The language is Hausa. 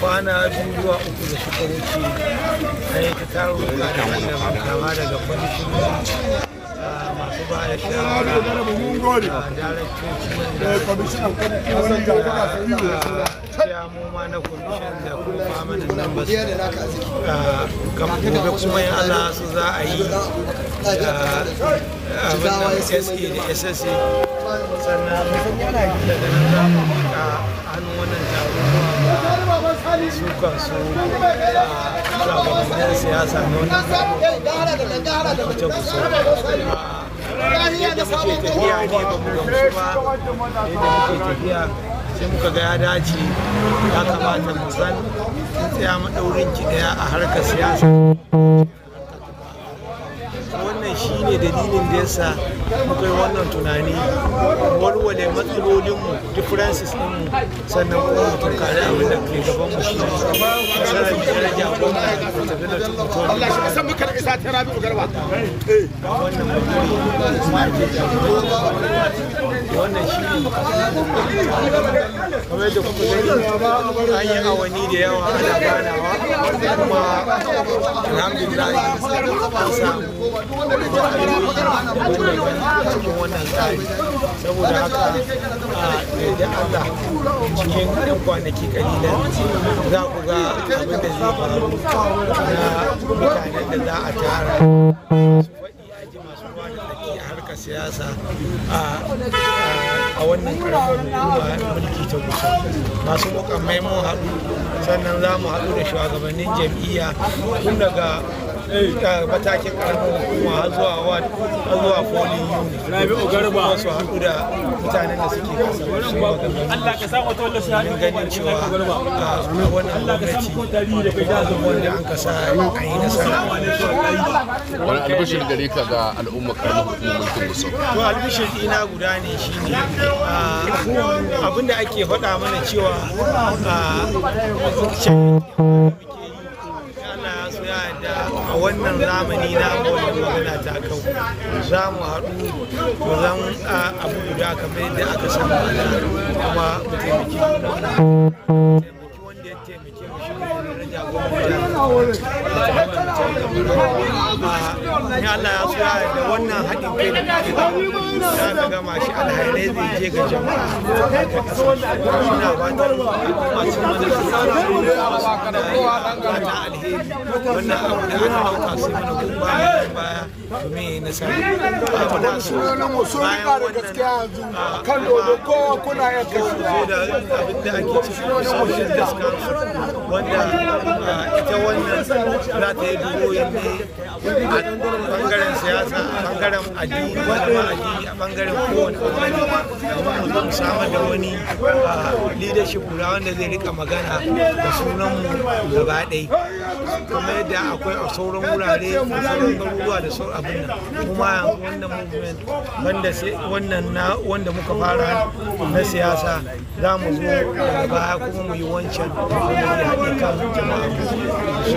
kwana biyu zuwa uku da suka wuce a yi ta tarin ruka daban kama daga kwamishin masu ba da shawara da kwamishinan kuma na kwamishin da kuma amanin nan ba su kuma yin allah su za a yi abin da sk da ssa sannan daga da za mu miƙa hannun wannan taro su kansu shugabannin siyasa ne wanda muke tafiya ne ba mu ba muke tafiya sai muka ga ya dace ya kamata mu san tsaya maɗaurin ki ɗaya a harkar siyasa shi ne dalilin da yasa muka yi wannan tunani walwale matsalolinmu differences mu sannan kuma mu tunkari abin da ke gaban mu shi ne nasarar da ya rage a gwamna da tafi da tukutuwar da ya san muka isa ta rabi ugarwa eh, wannan mutum kuma ake jagoro da wannan shi ne kamar da kuka gani an yi awanni da yawa ana ganawa kuma alhamdulillah an samu saboda haka da Allah cikin ɗan kwanaki kalilan za ku ga abin da zai faru na mutanen da za a tara su faɗi aji masu ruwa da tsaki a harkar siyasa a wannan karamar hukuma mulki ta kusa masu mukammai mun haɗu sannan za mu haɗu da shugabannin jam'iyya tun daga Eh. matakin karfin hukuma har zuwa ward har zuwa foli unit rabi'u su haɗu da mutanen da suke kasa Allah ka a yi nasara wani albishir gare ga al'umma hukumar musu to albishir ina guda ne shine ah, abinda ake faɗa mana cewa ah, a wannan zamani na wannan magana ta kau za mu haɗu mu zan abu guda kamar yadda aka san kuma mu taimaki wanda ya taimake mu shi ne na jagoran ya Allah ya so da wannan haɗin kai da kake da gama shi alhairai zai je ga jama'a ina fatan masu mana su su ne alheri wannan abu da aka ɗauka mana baya baya abu da su kan dodo kuna yan kashi zo da abin da ake cikin wanda ita wannan za ta yi kungiyoyi ne a bangaren siyasa a bangaren addini da kuma addini a bangaren kowane bangare domin mu samar da wani leadership guda wanda zai rika magana da sunanmu gaba ɗai kuma yadda akwai a sauran wurare a sauran garuruwa da sauran abin nan kuma wannan movement wanda wannan na wanda muka fara na siyasa za mu zo da baya kuma mu yi wancan mu yi kan jama'a